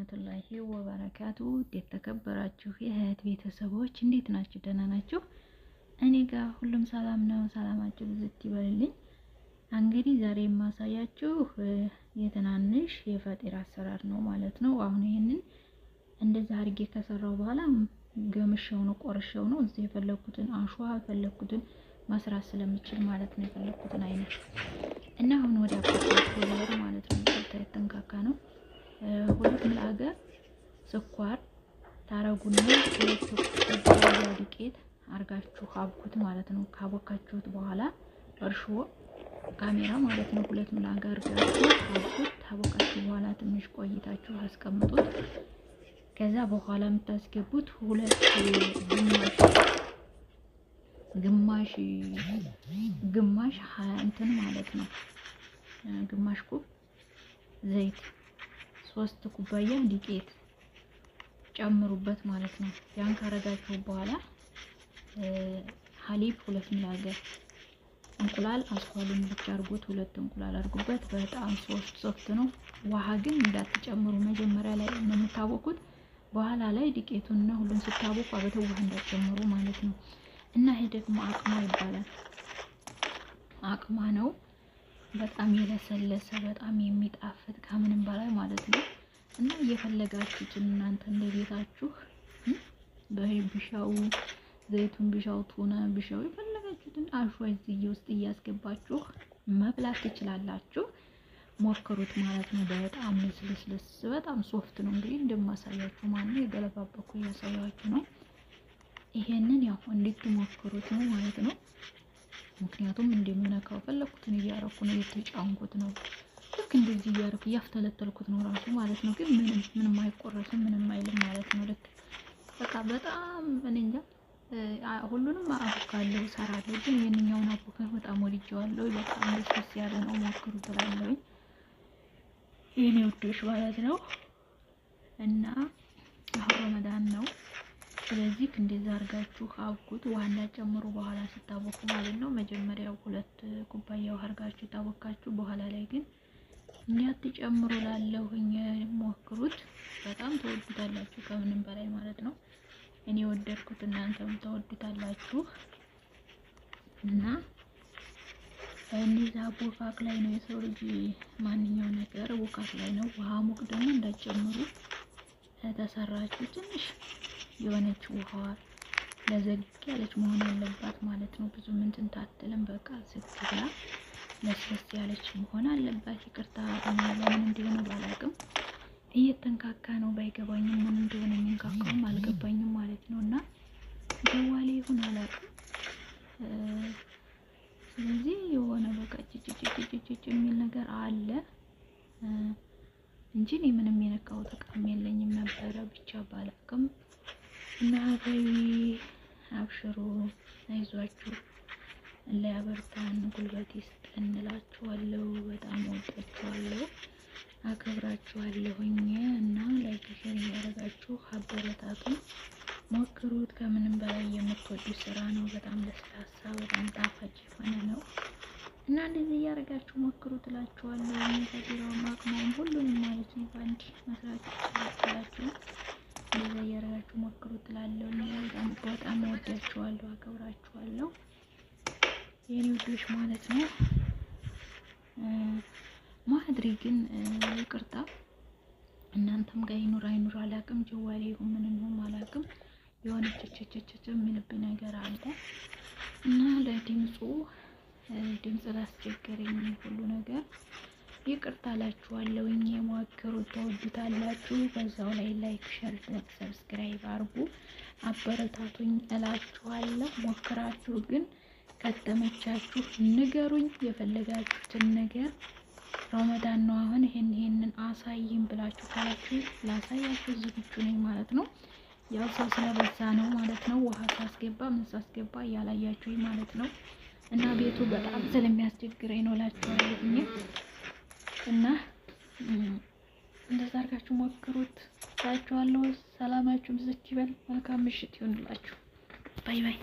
ወረህመቱላሂ ወበረካቱ ተከበራችሁ የእህት ቤተሰቦች እንዴት ናችሁ? ደህና ናችሁ? እኔ ጋር ሁሉም ሰላም ነው። ሰላማችሁ ብዝት ይበልልኝ። እንግዲህ ዛሬ የማሳያችሁ የትናንሽ የፈጢራ አሰራር ነው ማለት ነው። አሁን ይህንን እንደዛ አድርጌ ከሰራው በኋላ ገምሼው ነው ቆርሼው ነው እዚህ የፈለኩትን አሸዋ የፈለኩትን መስራት ስለምችል ማለት ነው የፈለኩትን አይነት እና አሁን ወደ አባት ማለት ነው። ተንካካ ነው ሁለት ክፍለ ስኳር ታረጉና ሁለት ዱቄት አርጋችሁ አብኩት ማለት ነው። ካቦካችሁት በኋላ እርሾ ካሜራ ማለት ነው። ሁለት ምላጋ አርጋችሁ አብኩት። ታቦካችሁ በኋላ ትንሽ ቆይታችሁ አስቀምጡት። ከዛ በኋላ የምታስገቡት ሁለት ግማሽ ግማሽ ግማሽ እንትን ማለት ነው ግማሽ ኩብ ዘይት ሶስት ኩባያ ዱቄት ጨምሩበት ማለት ነው። ያን ካረጋችሁ በኋላ ሀሊብ ሁለት ምላገር እንቁላል አስኳሉን ብቻ አርጉት። ሁለት እንቁላል አርጉበት በጣም ሶፍት ሶፍት ነው። ውሃ ግን እንዳትጨምሩ መጀመሪያ ላይ ነው የምታወቁት። በኋላ ላይ ዱቄቱን እና ሁሉን ስታወቁ አበተው ውሃ እንዳትጨምሩ ማለት ነው። እና ይሄ ደግሞ አቅማ ይባላል። አቅማ ነው። በጣም የለሰለሰ በጣም የሚጣፍጥ ከምንም በላይ ማለት ነው። እና እየፈለጋችሁትን እናንተ እንደ ቤታችሁ በብሻው ዘይቱን ቢሻው ቱና ቢሻው የፈለጋችሁትን አሸዋ እዚህ ውስጥ እያስገባችሁ መብላት ትችላላችሁ። ሞክሩት ማለት ነው። በጣም ልስልስልስ በጣም ሶፍት ነው። እንግዲህ እንደማሳያችሁ ማለት ነው። የገለባበኩ እያሳያችሁ ነው። ይሄንን ያው እንድትሞክሩት ነው ማለት ነው። ምክንያቱም እንደምነካው ፈለግኩትን እያረኩ ነው፣ የተጫንኩት ነው። ልክ እንደዚህ እያረኩ እያፍተለተልኩት ነው ራሱ ማለት ነው። ግን ምንም ምንም አይቆረስም፣ ምንም አይልም ማለት ነው። ልክ በቃ በጣም እኔ እንጃ ሁሉንም አቦካለሁ፣ ሰራለሁ። ግን የእኛውን አቦካን በጣም ወድጄዋለሁ። በጣም ደስ ያለ ነው። ሞክሩ ብላለሁ የኔ ውዶች ማለት ነው። እና አሁን ረመዳን ነው ስለዚህ እንደዛ አርጋችሁ አብኩት። ውሃ ጨምሩ በኋላ ስታቦኩ ማለት ነው። መጀመሪያው ሁለት ኩባያ ውሃ አድርጋችሁ ታቦካችሁ። በኋላ ላይ ግን እንዳትጨምሩ ላለሁ ሞክሩት። በጣም ተወዱታላችሁ፣ ከምንም በላይ ማለት ነው። እኔ ወደድኩት፣ እናንተም ተወዱታላችሁ እና እንዲዛ ቦካክ ላይ ነው የሰው ልጅ ማንኛው ነገር ቦካክ ላይ ነው። ውሃ ሙቅ ደግሞ እንዳጨምሩ ከተሰራችሁ ትንሽ የሆነች ውሃ ለዘግ ያለች መሆን አለባት ማለት ነው። ብዙ ምንትን ታትልም በቃ ዝግ ብላ ለስለስ ያለች መሆን አለባት። ይቅርታ ምን እንደሆነ ባላቅም እየተንካካ ነው ባይገባኝም፣ ምን እንደሆነ የሚንካካውም አልገባኝም ማለት ነው። እና ደዋሌ ይሁን አላቅም። ስለዚህ የሆነ በቃ ጭጭጭጭጭጭ የሚል ነገር አለ። እንጂ እኔ ምንም የነካው ተቃሚ የለኝም ነበረ። ብቻ ባላቅም እና አባይ አብሽሮ አይዟችሁ ለያበርታን ጉልበት ይስጠንላችኋለሁ። በጣም ወዳችኋለሁ፣ አከብራችኋለሁኝ እና ላይክ ሼር እያደረጋችሁ አበረታቱን፣ ሞክሩት። ከምንም በላይ የምትወዱ ስራ ነው። በጣም ለስላሳ፣ በጣም ጣፋጭ እና እንደዚህ እያደረጋችሁ ሞክሩ ትላችኋለሁ። የሚፈጥረውን ማቅመም ሁሉንም ማለት ነው በአንድ መስራት ትላችሁ እንደዛ እያደረጋችሁ ሞክሩ ትላለሁ። በጣም በጣም ወዳችኋለሁ፣ አከብራችኋለሁ የኔ ውዶች ማለት ነው። ማህድሪ ግን ይቅርታ እናንተም ጋር ይኑር አይኑር አላውቅም። ጀዋሌ ይሁን ምን ይሁን አላውቅም። የሆነ ቸቸቸቸ የምልብ ነገር አለ እና ለድምፁ ድምፅ ላስቸገረኝ ሁሉ ነገር ይቅርታ ላችኋለሁኝ። የመዋከሩት ተወዱታላችሁ። በዛው ላይ ላይክ፣ ሸር፣ ሰብስክራይብ አርጉ፣ አበረታቱኝ እላችኋለሁ። ሞክራችሁ ግን ከተመቻችሁ ንገሩኝ። የፈለጋችሁትን ነገር ረመዳን ነው አሁን ይሄን ይሄንን አሳይም ብላችሁ ካላችሁ ላሳያችሁ ዝግጁ ነኝ ማለት ነው። ያው ሰው ስለበዛ ነው ማለት ነው። ውሃ ሳስገባ ምን ሳስገባ እያላያችሁኝ ማለት ነው። እና ቤቱ በጣም ስለሚያስቸግረኝ ነው ላቸዋል እና እንደዛ አድርጋችሁ ሞክሩት ላችኋለሁ። ሰላማችሁ ብዝት ይበል። መልካም ምሽት ይሁንላችሁ። ባይ ባይ።